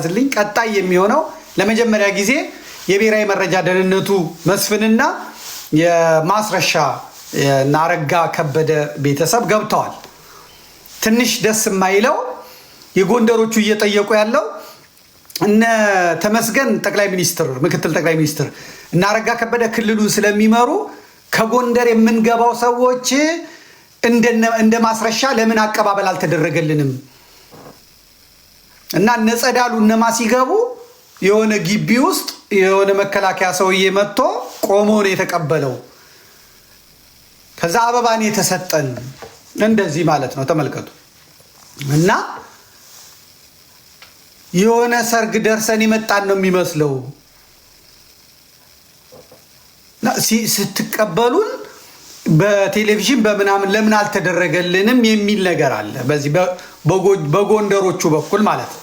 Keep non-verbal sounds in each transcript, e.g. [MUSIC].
ያዝልኝ። ቀጣይ የሚሆነው ለመጀመሪያ ጊዜ የብሔራዊ መረጃ ደህንነቱ መስፍንና የማስረሻ ናረጋ ከበደ ቤተሰብ ገብተዋል። ትንሽ ደስ የማይለው የጎንደሮቹ እየጠየቁ ያለው እነ ተመስገን ጠቅላይ ሚኒስትር ምክትል ጠቅላይ ሚኒስትር እናረጋ ከበደ ክልሉን ስለሚመሩ ከጎንደር የምንገባው ሰዎች እንደ ማስረሻ ለምን አቀባበል አልተደረገልንም? እና ነጸዳሉ እነማ ሲገቡ የሆነ ግቢ ውስጥ የሆነ መከላከያ ሰውዬ መጥቶ ቆሞ ነው የተቀበለው። ከዛ አበባን የተሰጠን እንደዚህ ማለት ነው። ተመልከቱ እና የሆነ ሰርግ ደርሰን የመጣን ነው የሚመስለው። ስትቀበሉን በቴሌቪዥን በምናምን ለምን አልተደረገልንም የሚል ነገር አለ። በዚህ በጎንደሮቹ በኩል ማለት ነው።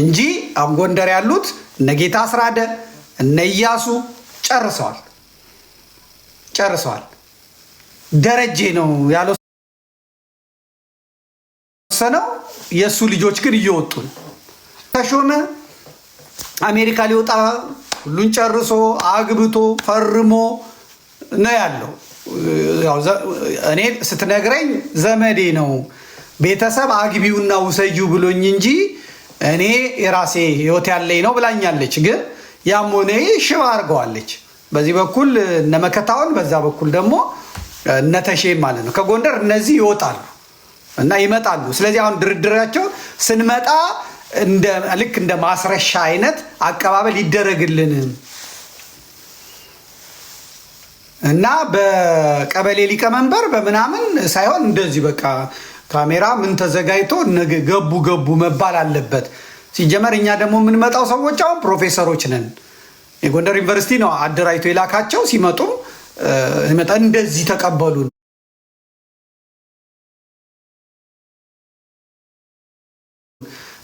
እንጂ አሁን ጎንደር ያሉት እነ ጌታ አስራደ እነ እያሱ ጨርሰዋል ጨርሰዋል። ደረጀ ነው ያልወሰነው። የእሱ ልጆች ግን እየወጡ ነው። ተሾመ አሜሪካ ሊወጣ ሁሉን ጨርሶ አግብቶ ፈርሞ ነው ያለው። እኔ ስትነግረኝ ዘመዴ ነው ቤተሰብ አግቢውና ውሰዩ ብሎኝ እንጂ እኔ የራሴ ህይወት ያለኝ ነው ብላኛለች። ግን ያም ሆነ ሽባ አድርገዋለች። በዚህ በኩል እነመከታውን በዛ በኩል ደግሞ እነተሼ ማለት ነው። ከጎንደር እነዚህ ይወጣሉ እና ይመጣሉ። ስለዚህ አሁን ድርድራቸው ስንመጣ ልክ እንደ ማስረሻ አይነት አቀባበል ይደረግልን እና በቀበሌ ሊቀመንበር በምናምን ሳይሆን እንደዚህ በቃ ካሜራ ምን ተዘጋጅቶ ነገ ገቡ ገቡ መባል አለበት። ሲጀመር እኛ ደግሞ የምንመጣው ሰዎች አሁን ፕሮፌሰሮች ነን። የጎንደር ዩኒቨርሲቲ ነው አደራጅቶ የላካቸው። ሲመጡ እንደዚህ ተቀበሉን።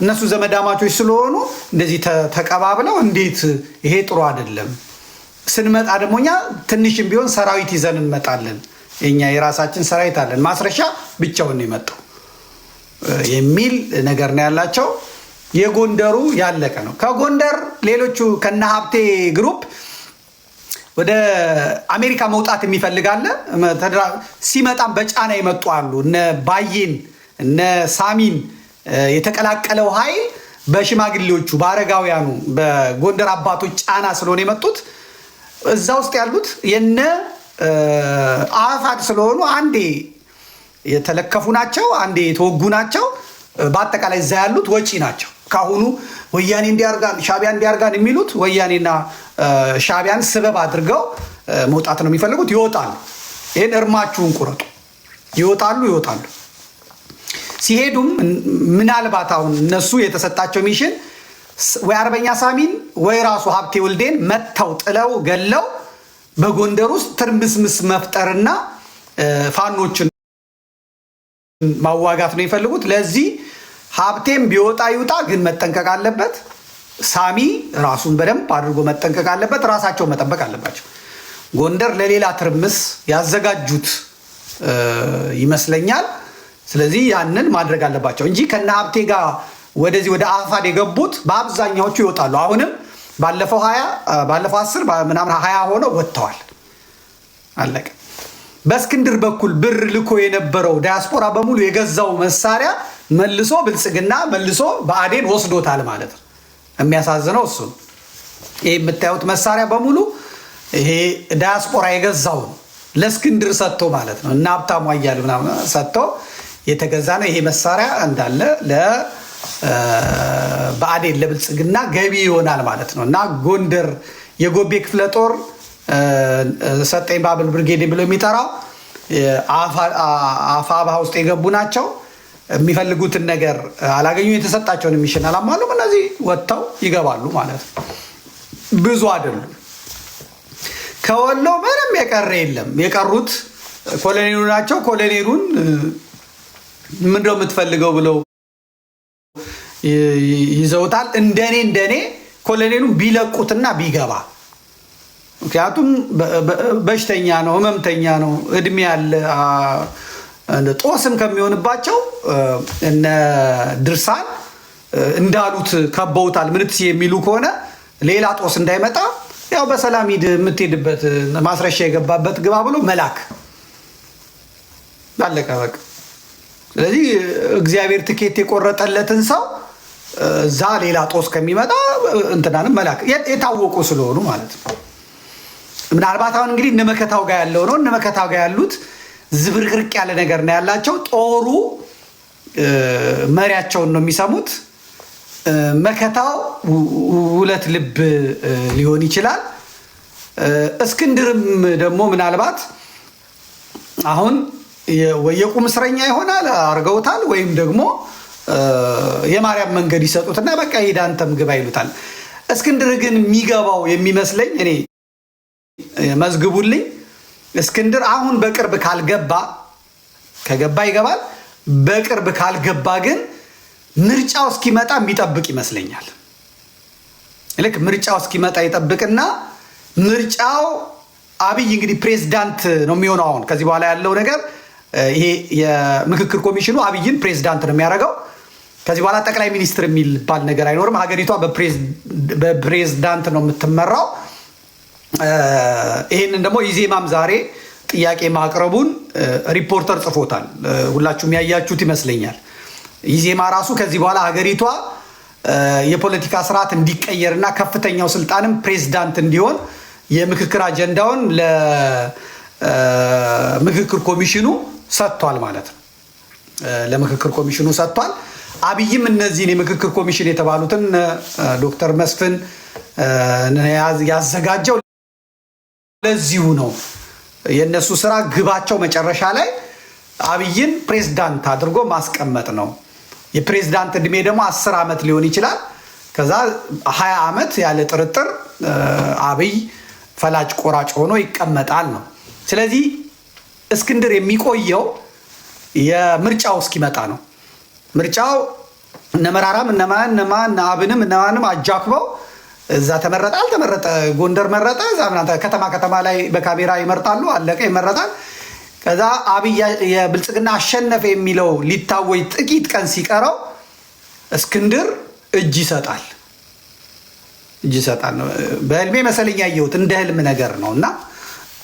እነሱ ዘመዳማቾች ስለሆኑ እንደዚህ ተቀባብለው እንዴት ይሄ ጥሩ አይደለም። ስንመጣ ደግሞ እኛ ትንሽም ቢሆን ሰራዊት ይዘን እንመጣለን። የኛ የራሳችን ሰራዊት አለን፣ ማስረሻ ብቻውን የመጣው የሚል ነገር ነው ያላቸው። የጎንደሩ ያለቀ ነው። ከጎንደር ሌሎቹ ከነ ሀብቴ ግሩፕ ወደ አሜሪካ መውጣት የሚፈልጋለ ሲመጣም በጫና የመጡ አሉ። እነ ባዬን እነ ሳሚን የተቀላቀለው ኃይል በሽማግሌዎቹ በአረጋውያኑ በጎንደር አባቶች ጫና ስለሆነ የመጡት እዛ ውስጥ ያሉት የነ አፋድ ስለሆኑ አንዴ የተለከፉ ናቸው፣ አንዴ የተወጉ ናቸው። በአጠቃላይ እዛ ያሉት ወጪ ናቸው። ካሁኑ ወያኔ እንዲያርጋን ሻቢያ እንዲያርጋን የሚሉት ወያኔና ሻቢያን ስበብ አድርገው መውጣት ነው የሚፈልጉት። ይወጣሉ። ይህን እርማችሁን ቁረጡ። ይወጣሉ፣ ይወጣሉ። ሲሄዱም ምናልባት አሁን እነሱ የተሰጣቸው ሚሽን ወይ አርበኛ ሳሚን ወይ ራሱ ሀብቴ ወልዴን መጥተው ጥለው ገለው በጎንደር ውስጥ ትርምስምስ መፍጠርና ፋኖችን ማዋጋት ነው የፈልጉት ለዚህ ሀብቴም ቢወጣ ይውጣ፣ ግን መጠንቀቅ አለበት። ሳሚ ራሱን በደንብ አድርጎ መጠንቀቅ አለበት። ራሳቸው መጠበቅ አለባቸው። ጎንደር ለሌላ ትርምስ ያዘጋጁት ይመስለኛል። ስለዚህ ያንን ማድረግ አለባቸው እንጂ ከነ ሀብቴ ጋር ወደዚህ ወደ አፋድ የገቡት በአብዛኛዎቹ ይወጣሉ አሁንም ባለፈው ሀያ ባለፈው አስር ምናምን ሀያ ሆነው ወጥተዋል። አለቀ። በእስክንድር በኩል ብር ልኮ የነበረው ዲያስፖራ በሙሉ የገዛው መሳሪያ መልሶ ብልጽግና መልሶ በአዴን ወስዶታል ማለት ነው። የሚያሳዝነው እሱ ነው። ይህ የምታዩት መሳሪያ በሙሉ ይሄ ዲያስፖራ የገዛው ለእስክንድር ሰጥቶ ማለት ነው እና ሀብታሙ አያሌው ምናምን ሰጥቶ የተገዛ ነው። ይሄ መሳሪያ እንዳለ ለ በአዴን ለብልጽግና ገቢ ይሆናል ማለት ነው እና ጎንደር የጎቤ ክፍለ ጦር ሰጠኝ ባብል ብርጌድ ብሎ የሚጠራው አፋባ ውስጥ የገቡ ናቸው። የሚፈልጉትን ነገር አላገኙ፣ የተሰጣቸውን የሚሽን አላሟሉም። እነዚህ ወጥተው ይገባሉ ማለት ነው። ብዙ አይደሉም። ከወሎ ምንም የቀረ የለም። የቀሩት ኮሎኔሉ ናቸው። ኮሎኔሉን ምንድነው የምትፈልገው ብለው ይዘውታል። እንደኔ እንደኔ ኮሎኔሉም ቢለቁትና ቢገባ ምክንያቱም በሽተኛ ነው፣ ህመምተኛ ነው፣ እድሜ ያለ ጦስም ከሚሆንባቸው እነ ድርሳን እንዳሉት ከበውታል። ምንት የሚሉ ከሆነ ሌላ ጦስ እንዳይመጣ ያው በሰላም ሂድ፣ የምትሄድበት ማስረሻ የገባበት ግባ ብሎ መላክ አለቀ በቃ። ስለዚህ እግዚአብሔር ትኬት የቆረጠለትን ሰው እዛ ሌላ ጦስ ከሚመጣ እንትናንም መላክ የታወቁ ስለሆኑ ማለት ነው። ምናልባት አሁን እንግዲህ እነመከታው ጋር ያለው ነው። እነመከታው ጋር ያሉት ዝብርቅርቅ ያለ ነገር ነው ያላቸው። ጦሩ መሪያቸውን ነው የሚሰሙት። መከታው ሁለት ልብ ሊሆን ይችላል። እስክንድርም ደግሞ ምናልባት አሁን የወየቁም እስረኛ ይሆናል አድርገውታል ወይም ደግሞ የማርያም መንገድ ይሰጡትና በቃ ሂድ አንተም ግባ ይሉታል። እስክንድር ግን የሚገባው የሚመስለኝ እኔ መዝግቡልኝ፣ እስክንድር አሁን በቅርብ ካልገባ ከገባ ይገባል። በቅርብ ካልገባ ግን ምርጫው እስኪመጣ የሚጠብቅ ይመስለኛል። ልክ ምርጫው እስኪመጣ ይጠብቅና ምርጫው አብይ እንግዲህ ፕሬዝዳንት ነው የሚሆነው። አሁን ከዚህ በኋላ ያለው ነገር ይሄ የምክክር ኮሚሽኑ አብይን ፕሬዝዳንት ነው የሚያደርገው። ከዚህ በኋላ ጠቅላይ ሚኒስትር የሚባል ነገር አይኖርም። ሀገሪቷ በፕሬዝዳንት ነው የምትመራው። ይህንን ደግሞ ኢዜማም ዛሬ ጥያቄ ማቅረቡን ሪፖርተር ጽፎታል። ሁላችሁም ያያችሁት ይመስለኛል። ኢዜማ ራሱ ከዚህ በኋላ ሀገሪቷ የፖለቲካ ስርዓት እንዲቀየርና ከፍተኛው ስልጣንም ፕሬዝዳንት እንዲሆን የምክክር አጀንዳውን ለምክክር ኮሚሽኑ ሰጥቷል ማለት ነው። ለምክክር ኮሚሽኑ ሰጥቷል። አብይም እነዚህን የምክክር ኮሚሽን የተባሉትን ዶክተር መስፍን ያዘጋጀው ለዚሁ ነው። የእነሱ ስራ ግባቸው መጨረሻ ላይ አብይን ፕሬዝዳንት አድርጎ ማስቀመጥ ነው። የፕሬዝዳንት እድሜ ደግሞ አስር ዓመት ሊሆን ይችላል። ከዛ ሀያ ዓመት ያለ ጥርጥር አብይ ፈላጭ ቆራጭ ሆኖ ይቀመጣል ነው። ስለዚህ እስክንድር የሚቆየው የምርጫው እስኪመጣ ነው። ምርጫው እነ መራራም እነማን እነማን እነ አብንም እነማንም አጃክበው እዛ ተመረጠ አልተመረጠ ጎንደር መረጠ እዛ ከተማ ከተማ ላይ በካሜራ ይመርጣሉ። አለቀ፣ ይመረጣል። ከዛ አብይ የብልጽግና አሸነፈ የሚለው ሊታወጅ ጥቂት ቀን ሲቀረው እስክንድር እጅ ይሰጣል እጅ ይሰጣል ነው። በህልሜ መሰለኝ ያየሁት እንደ ህልም ነገር ነው። እና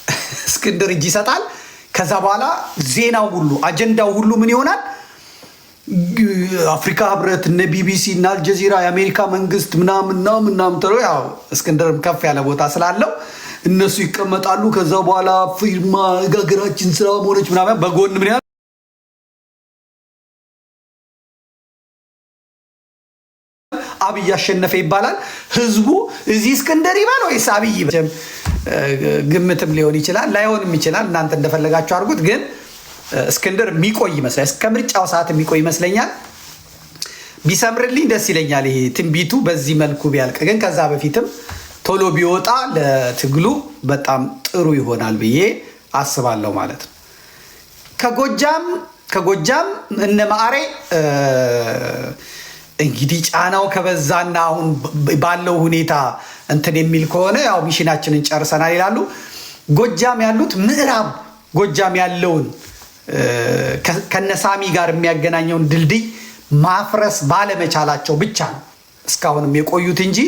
[LAUGHS] እስክንድር እጅ ይሰጣል። ከዛ በኋላ ዜናው ሁሉ አጀንዳው ሁሉ ምን ይሆናል? አፍሪካ ህብረት እነ ቢቢሲ እና አልጀዚራ የአሜሪካ መንግስት ምናምን ነው ምናምን ያው እስክንድርም ከፍ ያለ ቦታ ስላለው እነሱ ይቀመጣሉ። ከዛ በኋላ ፊርማ ሀገራችን ስራ መሆነች ምናምን በጎን ምን ያህል አብይ አሸነፈ ይባላል። ህዝቡ እዚህ እስክንደር ይበል ወይስ አብይ ግምትም ሊሆን ይችላል፣ ላይሆንም ይችላል። እናንተ እንደፈለጋችሁ አድርጉት ግን እስክንድር የሚቆይ ይመስላል። እስከ ምርጫው ሰዓት የሚቆይ ይመስለኛል። ቢሰምርልኝ ደስ ይለኛል። ይሄ ትንቢቱ በዚህ መልኩ ቢያልቅ ግን ከዛ በፊትም ቶሎ ቢወጣ ለትግሉ በጣም ጥሩ ይሆናል ብዬ አስባለሁ ማለት ነው። ከጎጃም ከጎጃም እነ ማዕሬ እንግዲህ ጫናው ከበዛና አሁን ባለው ሁኔታ እንትን የሚል ከሆነ ያው ሚሽናችንን ጨርሰናል ይላሉ። ጎጃም ያሉት ምዕራብ ጎጃም ያለውን ከነሳሚ ጋር የሚያገናኘውን ድልድይ ማፍረስ ባለመቻላቸው ብቻ ነው እስካሁንም የቆዩት እንጂ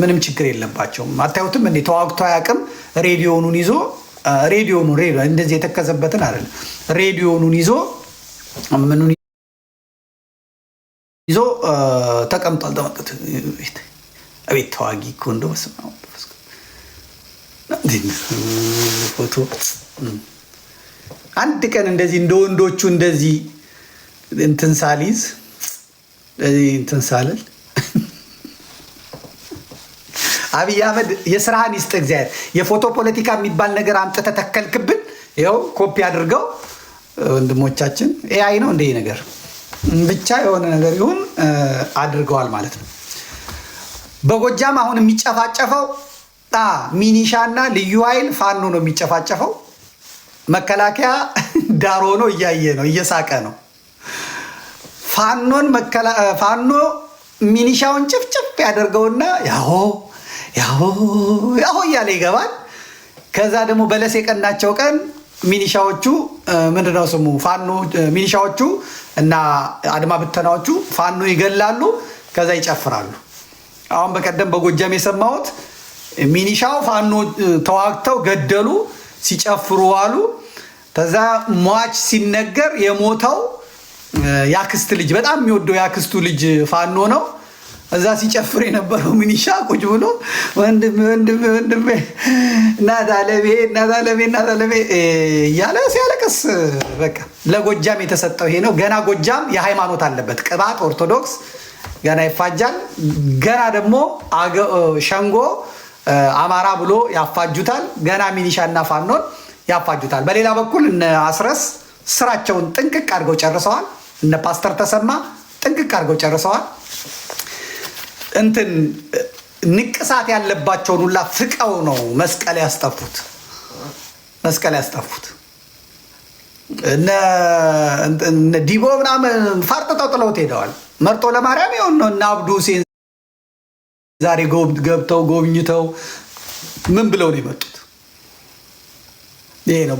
ምንም ችግር የለባቸውም። አታዩትም እንዴ? ተዋግቶ አያውቅም። ሬዲዮኑን ይዞ ሬዲዮኑ እንደዚህ የተከዘበትን አይደለም። ሬዲዮኑን ይዞ ምኑን ይዞ ተቀምጧል። ተመልከቱ። አቤት ተዋጊ እኮ እንደው ፎቶ አንድ ቀን እንደዚህ እንደ ወንዶቹ እንደዚህ እንትን ሳልይዝ እንትን ሳልል [LAUGHS] አብይ አህመድ የስራህን ይስጥ እግዚአብሔር። የፎቶ ፖለቲካ የሚባል ነገር አምጥተህ ተከልክብን። ይኸው ኮፒ አድርገው ወንድሞቻችን። ኤአይ ነው እንደ ነገር ብቻ የሆነ ነገር ይሁን አድርገዋል ማለት ነው። በጎጃም አሁን የሚጨፋጨፈው ሚኒሻ እና ልዩ ኃይል ፋኖ ነው የሚጨፋጨፈው። መከላከያ [LAUGHS] ዳር ሆኖ እያየ ነው፣ እየሳቀ ነው። ፋኖን ፋኖ ሚኒሻውን ጭፍጭፍ ያደርገውና ያሆ ያሆ ያሆ እያለ ይገባል። ከዛ ደግሞ በለስ የቀናቸው ቀን ሚኒሻዎቹ ምንድነው ስሙ ፋኖ ሚኒሻዎቹ እና አድማ ብተናዎቹ ፋኖ ይገላሉ፣ ከዛ ይጨፍራሉ። አሁን በቀደም በጎጃም የሰማሁት ሚኒሻው ፋኖ ተዋግተው ገደሉ ሲጨፍሩ አሉ። ከዛ ሟች ሲነገር የሞተው ያክስት ልጅ በጣም የሚወደው ያክስቱ ልጅ ፋኖ ነው። እዛ ሲጨፍር የነበረው ሚኒሻ ቁጭ ብሎ ወንድሜ ወንድሜ ወንድሜ እያለ ሲያለቅስ፣ በቃ ለጎጃም የተሰጠው ይሄ ነው። ገና ጎጃም የሃይማኖት አለበት ቅባት ኦርቶዶክስ ገና ይፋጃል። ገና ደግሞ ሸንጎ አማራ ብሎ ያፋጁታል። ገና ሚኒሻና ፋኖን ያፋጁታል። በሌላ በኩል እነ አስረስ ስራቸውን ጥንቅቅ አድርገው ጨርሰዋል። እነ ፓስተር ተሰማ ጥንቅቅ አድርገው ጨርሰዋል። እንትን ንቅሳት ያለባቸውን ሁላ ፍቀው ነው መስቀል ያስጠፉት መስቀል ያስጠፉት። እነ ዲቦ ምናምን ፋርጥጠው ጥለውት ሄደዋል። መርጦ ለማርያም የሆን ነው እና አብዱ ሁሴን ዛሬ ገብተው ጎብኝተው ምን ብለው ነው የመጡት? ይሄ ነው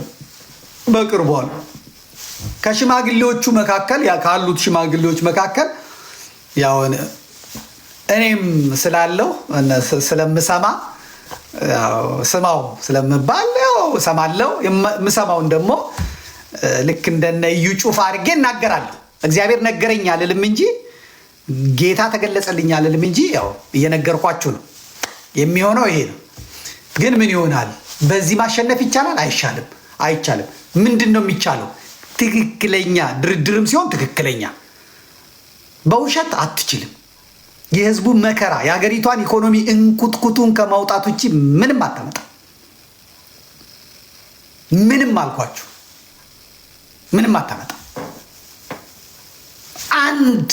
በቅርቡ አሉ። ከሽማግሌዎቹ መካከል ካሉት ሽማግሌዎች መካከል ያው እኔም ስላለው ስለምሰማ ስማው ስለምባል ያው እሰማለሁ። የምሰማውን ደግሞ ልክ እንደነ እዩ ጩፋ አድርጌ እናገራለሁ። እግዚአብሔር ነገረኝ አልልም እንጂ ጌታ ተገለጸልኝ አልልም እንጂ ያው እየነገርኳችሁ ነው። የሚሆነው ይሄ ነው። ግን ምን ይሆናል? በዚህ ማሸነፍ ይቻላል? አይሻልም? አይቻልም። ምንድን ነው የሚቻለው? ትክክለኛ ድርድርም ሲሆን ትክክለኛ፣ በውሸት አትችልም። የህዝቡ መከራ የሀገሪቷን ኢኮኖሚ እንኩትኩቱን ከማውጣት ውጭ ምንም አታመጣ። ምንም አልኳችሁ፣ ምንም አታመጣ አንድ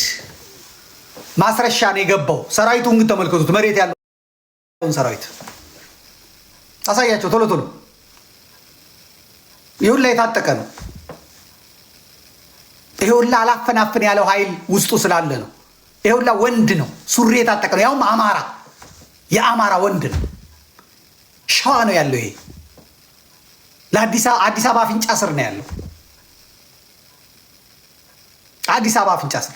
ማስረሻ ነው የገባው። ሰራዊቱ ግን ተመልከቱት። መሬት ያለውን ሰራዊት አሳያቸው ቶሎ ቶሎ። ይሁን ላይ የታጠቀ ነው። ይሁላ አላፈናፍን ያለው ኃይል ውስጡ ስላለ ነው። ይሁላ ወንድ ነው፣ ሱሪ የታጠቀ ነው። ያውም አማራ የአማራ ወንድ ነው። ሸዋ ነው ያለው። ይሄ ለአዲስ አዲስ አበባ አፍንጫ ስር ነው ያለው። አዲስ አበባ አፍንጫ ስር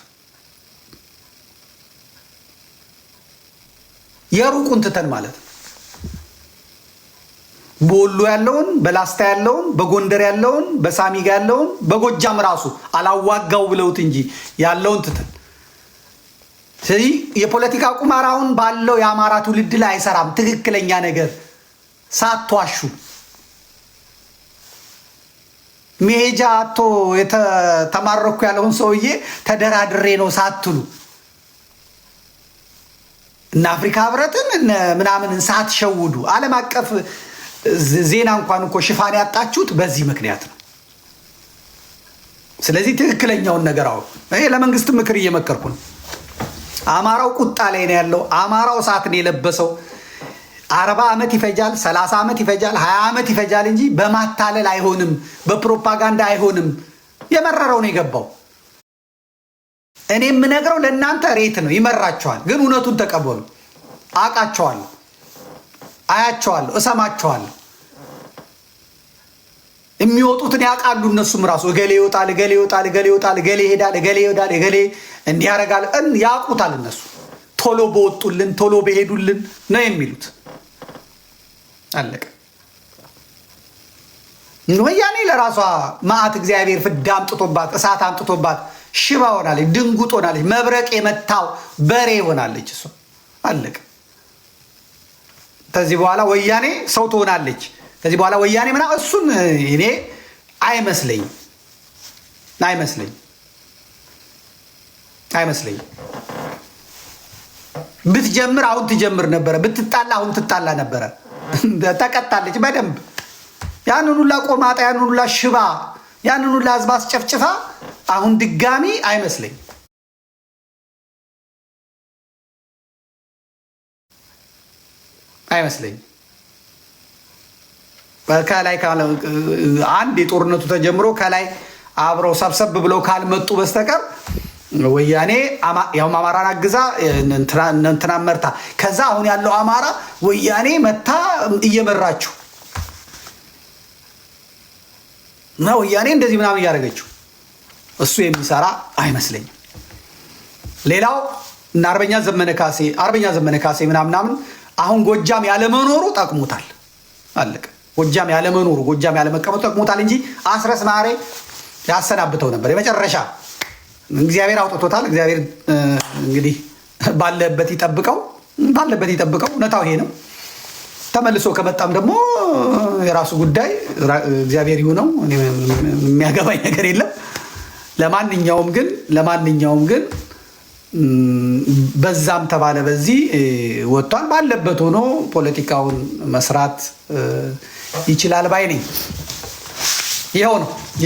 የሩቁን ትተን ማለት በወሎ ያለውን በላስታ ያለውን በጎንደር ያለውን በሳሚጋ ያለውን በጎጃም ራሱ አላዋጋው ብለውት እንጂ ያለውን ትተን ስለዚህ የፖለቲካ ቁማር አሁን ባለው የአማራ ትውልድ ላይ አይሰራም። ትክክለኛ ነገር ሳትዋሹ መሄጃ አቶ ተማረኩ ያለውን ሰውዬ ተደራድሬ ነው ሳትሉ እነ አፍሪካ ህብረትን ምናምን ሳትሸውዱ ዓለም አቀፍ ዜና እንኳን እኮ ሽፋን ያጣችሁት በዚህ ምክንያት ነው። ስለዚህ ትክክለኛውን ነገር አሁ ይሄ ለመንግስት ምክር እየመከርኩ ነው። አማራው ቁጣ ላይ ነው ያለው። አማራው ሰዓት ነው የለበሰው። አርባ ዓመት ይፈጃል፣ ሰላሳ ዓመት ይፈጃል፣ ሀያ ዓመት ይፈጃል እንጂ በማታለል አይሆንም፣ በፕሮፓጋንዳ አይሆንም። የመረረው ነው የገባው። እኔ የምነግረው ለእናንተ ሬት ነው፣ ይመራቸዋል። ግን እውነቱን ተቀበሉ። አውቃቸዋለሁ፣ አያቸዋለሁ፣ እሰማቸዋለሁ። የሚወጡትን ያውቃሉ። እነሱም ራሱ እገሌ ይወጣል፣ እገሌ ይወጣል፣ እገሌ ይወጣል፣ እገሌ ይሄዳል፣ እገሌ ይሄዳል፣ እገሌ እንዲህ ያደርጋል። ያውቁታል። እነሱ ቶሎ በወጡልን ቶሎ በሄዱልን ነው የሚሉት። አለቀ። ወያኔ ለራሷ መዓት እግዚአብሔር ፍዳ አምጥቶባት እሳት አምጥቶባት ሽባ ሆናለች፣ ድንጉጥ ሆናለች፣ መብረቅ የመታው በሬ ሆናለች። እሷ አለቀ። ከዚህ በኋላ ወያኔ ሰው ትሆናለች። ከዚህ በኋላ ወያኔ ምና እሱን እኔ አይመስለኝ አይመስለኝ አይመስለኝ። ብትጀምር አሁን ትጀምር ነበረ፣ ብትጣላ አሁን ትጣላ ነበረ። ተቀጣለች በደንብ ያንን ሁላ ቆማጣ፣ ያንን ሁላ ሽባ፣ ያንን ሁላ ህዝብ አስጨፍጭፋ አሁን ድጋሚ አይመስለኝ አይመስለኝ ከላይ አንድ የጦርነቱ ተጀምሮ ከላይ አብረው ሰብሰብ ብለው ካልመጡ በስተቀር ወያኔ ያውም አማራን አግዛ እንትና መርታ ከዛ አሁን ያለው አማራ ወያኔ መታ እየመራችሁ እና ወያኔ እንደዚህ ምናምን እያደረገችው እሱ የሚሰራ አይመስለኝም። ሌላው እና አርበኛ ዘመነ ካሴ አርበኛ ዘመነ ካሴ ምናምናምን አሁን ጎጃም ያለመኖሩ ጠቅሞታል። አለቀ። ጎጃም ያለመኖሩ ጎጃም ያለመቀመጡ ጠቅሞታል እንጂ አስረስ ማሬ ያሰናብተው ነበር። የመጨረሻ እግዚአብሔር አውጥቶታል። እግዚአብሔር እንግዲህ ባለበት ይጠብቀው፣ ባለበት ይጠብቀው። እውነታው ይሄ ነው። ተመልሶ ከመጣም ደግሞ የራሱ ጉዳይ እግዚአብሔር ይሁነው። የሚያገባኝ ነገር የለም። ለማንኛውም ግን ለማንኛውም ግን በዛም ተባለ በዚህ ወጥቷል። ባለበት ሆኖ ፖለቲካውን መስራት ይችላል ባይ ነኝ። ይኸው ነው።